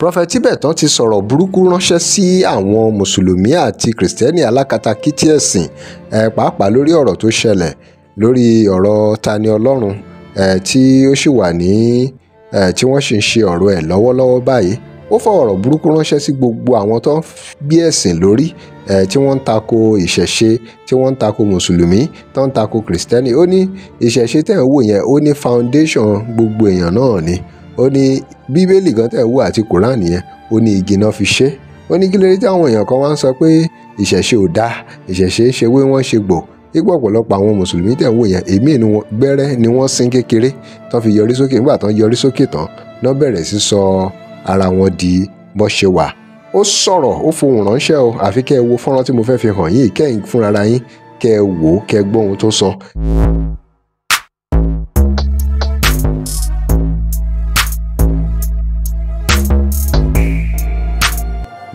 Prophet Tibetan ti sọ̀rọ̀ burúkú ránṣẹ́ sí àwọn mùsùlùmí àti kìrìsìtẹ́nì alákatakítí ẹ̀sìn ẹ̀ pàápàá lórí ọ̀rọ̀ tó ṣẹlẹ̀ lórí ọ̀rọ̀ Tani Ọlọ́run ẹ̀ tí ó sì wà ní ẹ̀ tí wọ́n sì ń ṣe ọ̀rọ̀ ẹ̀ lọ́wọ́lọ́wọ́ báyìí ó fọ̀rọ̀ burúkú ránṣẹ́ sí gbogbo àwọn tó ń gbé ẹ̀sìn lórí ẹ̀ tí wọ́n ń tako ìṣẹ̀ṣe tí wọ́n ń tako mùsùlùmí tó ń tako kìrìsìtẹ́nì ó ní ìṣẹ̀ṣe tẹ̀ ń wò yẹn ó ní foundation gbogbo èèyàn náà ni ó ní bíbélì kan tẹ̀ wú àti kùránì yẹn ó ní igi náà fi ṣe ó ní kí lóore tí àwọn èèyàn kan wá ń sọ pé ìṣẹ̀ṣe ò dáa ìṣẹ̀ṣe ṣe wé wọ́n ṣe gbò ipò ọ̀pọ̀lọpọ̀ àwọn mùsùlùmí tẹ̀ wò yẹn èmi ni wọn gbẹ́rẹ́ ni wọ́n sin kékeré tán fi yọrí sókè nígbà tán yọrí sókè tán náà bẹ̀rẹ̀ sí sọ ara wọn di bọ́ wà ó sọ̀rọ̀ ó fohùn ránṣẹ́ o àfi kẹ́ ẹ wo fọ́nrán tí mo fẹ́ fi hàn yín kẹ́yìn fúnra yín kẹ́ ẹ wò ó kẹ́ ẹ gbọ́ ohun tó sọ.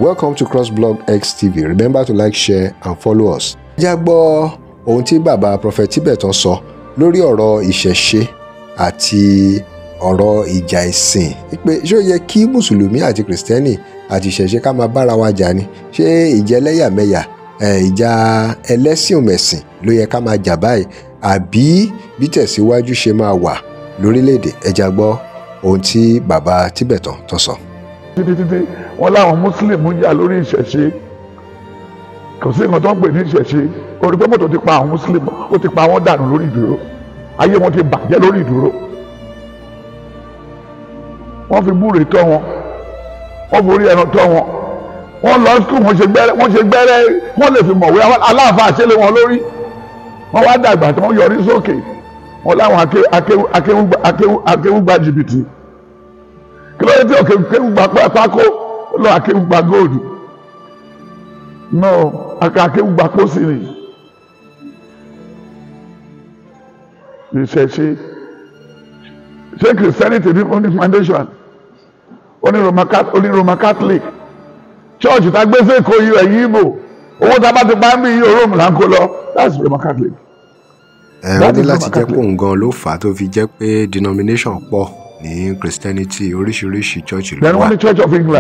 welcome to crossblog TV. remember to like share and follow us. ẹjá gbọ́ ohun tí bàbá prophet tibetan sọ lórí ọ̀rọ̀ ìṣẹ̀ṣe àti ọ̀rọ̀ ìjà ìsìn pé ṣé ó yẹ kí mùsùlùmí àti kìrìsìtẹ́nì àti ìṣẹ̀ṣe ká máa bára wa jà ni ṣé ìjà ẹlẹ́yàmẹ̀yà ìjà ẹlẹ́sìn mẹ̀sìn ló yẹ ká máa jà báyìí àbí bí tẹ̀síwájú ṣe máa wà lórílẹ̀‐èdè ẹja gbọ́ ohun tí bàbá Tibetan tó sọ. So títítítí wọn láwọn mùsùlùmí ń jà lórí ìṣẹ̀ṣe kò sí nǹkan tó ń pè ní ìṣẹ̀ṣe orí pé mọ́tò ti pa àwọn mùsùlùmí ó ti pa wọ́n dànù lórí ìdúró ayé wọn ti bàjẹ́ lórí ìdúró wọ́n fi búre tọ́ wọn wọ́n borí ẹran tọ́ wọn wọ́n lọ sùkúù wọ́n ṣe gbẹ́rẹ́ wọ́n ṣe gbẹ́rẹ́ wọ́n lè fi mọ̀wé aláàfáà ṣe lé wọn lórí wọ́n wá dàgbà tí wọ́n yọrí sókè wọ́n láwọn akéwúgba jìbìtì kí ló dé tí òkè kéwù gba pátákó ó lọ àkéwù gba góòlù no àkéwù gba pósí ni ìṣẹ̀ṣe ṣé christianity ní only foundation oní roman catholic church tá gbé sí èkó yìí ẹ̀yìn ìbò owó tá a bá ti pa mí yìí rome là ń kó lọ that's roman catholic. ẹ ní láti jẹ́ pé òun gan ló fà á tó fi jẹ́ pé denomination pọ̀ ní christianity oríṣiríṣi church ló wà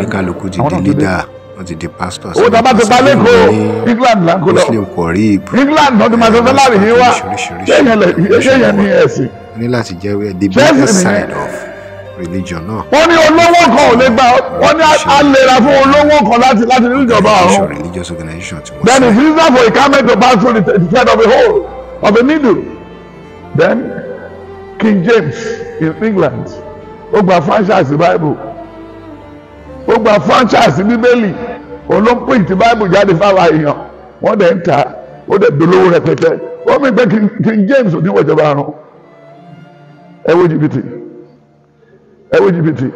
ní kálukú ti di leader wọ́n ti di pastors. owó tàbá ti pa lẹ́kọ̀ọ́ england là ń kó lọ muslim kọ̀rí ibù. england náà ti máa sọ sálárì yín wá ṣéyẹn ní ẹ̀sìn. wọ́n ní láti jẹ́ the business side of religion náà. wọ́n ní olówó kan ò lè gbà wọ́n ní a lè ra fún olówó kan láti láti ní ìjọba ọ̀hún. religious organization ti wọ́n sọ. then it is not for a camel to pass through the thread of a hole of a needle then king james in england ó gba franchise bible ó gba franchise bíbélì òun ló ń print bible jáde fáwọn èèyàn wọ́n dẹ̀ ń ta ó dẹ̀ dolówó rẹpẹtẹ wọ́n mi gbé King James ò ní wọ̀jọba àrùn ẹ wo jìbìtì ẹ wo jìbìtì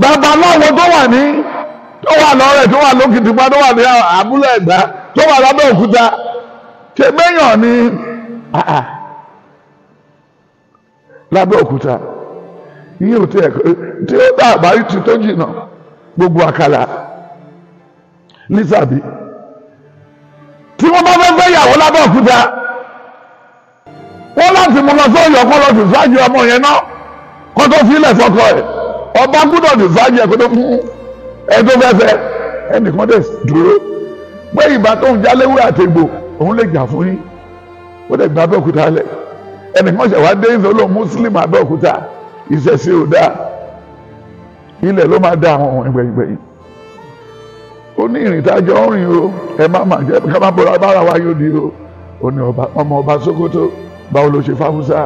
babaláwo tó wà ní tó wà lọ́rẹ̀ tó wà lókìtìpá tó wà ní abúlé ẹ̀gbá tó wà lábẹ́ òkúta ṣègbéyàn ní ah, ah. lábẹ́ òkúta yín ò tí ẹ̀ tí ó bá àbáyé tu tó jìnnà gbogbo àkàlà nísàbí tí wọ́n bá fẹ́ fẹ́ yàwó lábẹ́ òkúta wọ́n láti mú lọ sọ́yọ̀ kó lọ sí ṣáájú ọmọ yẹn náà kó tó sílẹ̀ fọkọ ẹ̀ ọba gbúdọ̀ sí ṣáájú ẹ̀ kó tó mú ẹ tó fẹ́ fẹ́ ẹnìkan dẹ̀ dúró pé ìbá tó ń jaléwé àtẹ̀gbò òun lè jà fún yín ó dẹ̀ gba Abẹ́òkúta lẹ̀ ẹnìkan ṣẹ̀wá dé ìfẹ́ olóhùn mùsùlùmí Abẹ́òkúta ìṣẹ̀ṣe ò dáa ilẹ̀ ló máa dá àwọn ẹgbẹ̀yìngbẹ̀yìn ó ní ìrìntájọ́ ọ̀rìn o ẹ má má jẹ́ ká má bọ́ra bára wa yóò di o ó ní ọmọ ọba Sókótó báwo ló ṣe fáwùsá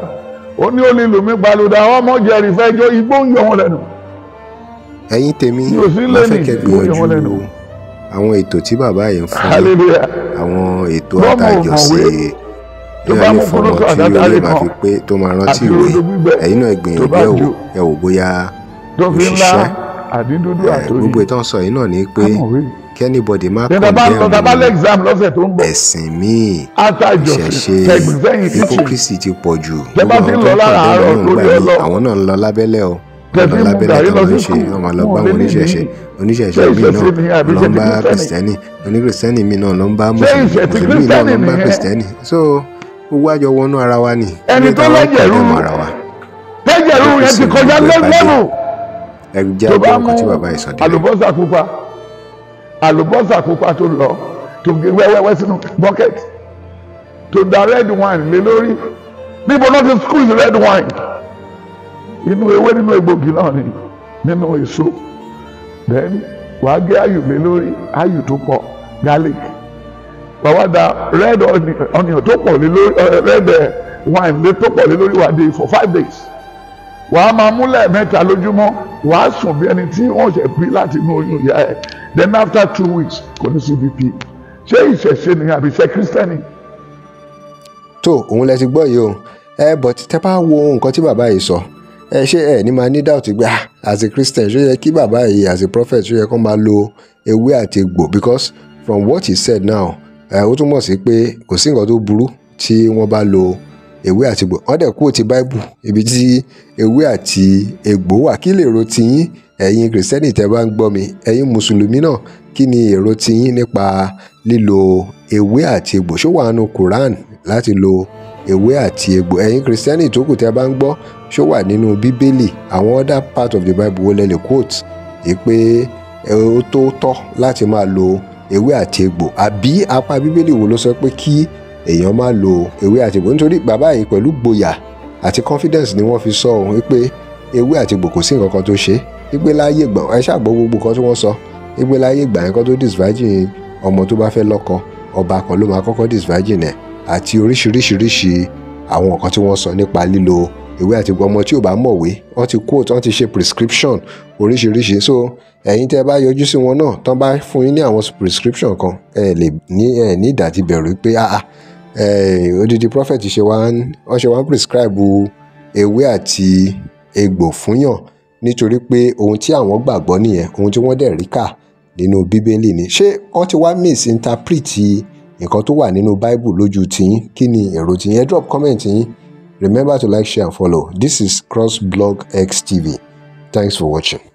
ó ní olè lómi gbalùdà ọmọ jẹrì fẹjọ igbó ń yọ wọn lẹ́nu. ẹ̀yin tèmi mo fẹ́ kẹ́ gbìyànjú àwọn ètò tí bàbá yẹn fún mi àwọn ètò àtàjọṣe tó bá mú burúkú àdádáálé kan àti rodo gbígbẹ ẹ̀yin náà gbìyànjú ẹ wò ẹ wò bóyá òṣìṣẹ́ gbogbo ìtàn sọ yìí náà ni pé kí anybody má kàn dé ọ̀hún ẹ̀sìn míì ìṣẹ̀ṣe hypocrisy ti pọ̀ jù gbogbo àwọn tó ń pàdé ọ̀hún gbà ní àwọn náà ń lọ lábẹ́lẹ̀ o lọ lábẹ́lẹ̀ tó ń ṣe ọmọ lọ bá wọn oníṣẹ̀ṣe oníṣẹ̀ṣe míì náà lọ ń bá kìrìsìtẹ́nì oníkìrìsìtẹ́nì míì náà lọ ń bá mùsùlùmí náà lọ ń bá kìrìsìtẹ́nì so gbogbo àjọ wọnú ara wa ni. ẹni tó lẹ́jẹ̀rú lẹ́jẹ̀rú yẹn ti kọjá lẹ́nu. ẹ jẹ́ ọgbọ́n kan tí bàbá yìí sọ dé. àlùbọ́sà pupa àlùbọ́sà pupa tó lọ tó gé wẹ́wẹ́wẹ́ sínú bọ́kẹ́tì tó da red wine lé lórí níbo náà ti squeeze red wine inú ewé nínú egbògi náà ni nínú èso then wàá gé ayù lé lórí ayù tó pọ̀ garlic bàbá da red onion tó pọ̀ lé lórí eh, red eh, wine lé tó pọ̀ lé lórí wà dé for five days wàá máa mú lẹ́ẹ̀mẹ́ta lójúmọ́ wàá sùn bí ẹni tí wọ́n ṣe bí láti inú oyún ìyá ẹ̀ then after two weeks kò ní sí bp ṣé ìṣẹ̀ṣe ni àbí ṣe kírísítẹ́nì. tó òun lẹ ti gbọ́ yìí o ẹ bọ̀ tẹ bá wo nǹkan tí bàbá yìí sọ ẹ ṣé ẹ ní máa ní doubt gbé ah, as a christian ṣó yẹ kí bàbá yìí as a prophet ṣó yẹ kó máa lo ewé àti egbò because from what he said now ó túmọ̀ sí pé kò sí nǹkan tó burú tí wọ́n bá lo ewé àti egbò wọ́n dẹ̀ kú ti báíbù ibi tí ewé àti egbò wà kí lèrò tiyín ẹ̀yin kìrìsìtẹ́nì tẹ́ bá ń gbọ́ mi ẹ̀yin mùsùlùmí náà kí ni èrò tiyín nípa lílo ewé àti egbò ṣó wà nínú Quran láti lo ewé àti egbò ẹ̀yin kìrìsìtẹ́nì tó kù tẹ́ bá ń gbọ́ ṣó wà nínú bíbélì àwọn other part of the Bible wọlé lè quote ìpè ó tó tọ́ láti máa lo ewé ewé àti egbò àbí apá bíbélì wo ló sọ pé kí èèyàn má lo ewé àti egbò nítorí bàbá yìí pẹ̀lú gboyà àti confidence ni wọ́n fi sọ òun pé ewé àti egbò kò sí nǹkan kan tó ṣe wípé láyé gbọ̀n ẹ ṣàgbọ́ gbogbo kan tí wọ́n sọ wípé láyé gbà yẹn kan tó disvirgin ọmọ tó bá fẹ́ lọ́kọ ọba kan ló máa kọ́kọ́ disvirgin ẹ̀ àti oríṣiríṣiríṣi àwọn nǹkan tí wọ́n sọ nípa lílo ìwé àti gbọmọ tí ò bá mọ̀wé wọ́n ti quote wọ́n ti ṣe prescription oríṣiríṣi so ẹ̀yin tẹ́ bá yọjú sí wọn náà tán bá fún yín ní àwọn prescription kan ẹ lè ní ẹ ní ìdájí bẹ̀rù pé ah, ah odidi prophet ṣe wá ń wọ́n ṣe wá prescribe ewé àti egbò fúnyàn nítorí pé ohun tí àwọn gbàgbọ́ nìyẹn ohun tí wọ́n dẹ̀ rí kà nínú bíbélì ni ṣé wọ́n ti wá misinterpret nǹkan tó wà nínú bible lójú tiyín kí ni èrò tiyín ẹ drop comment yín Remember to like, share, and follow. This is Cross Blog X TV. Thanks for watching.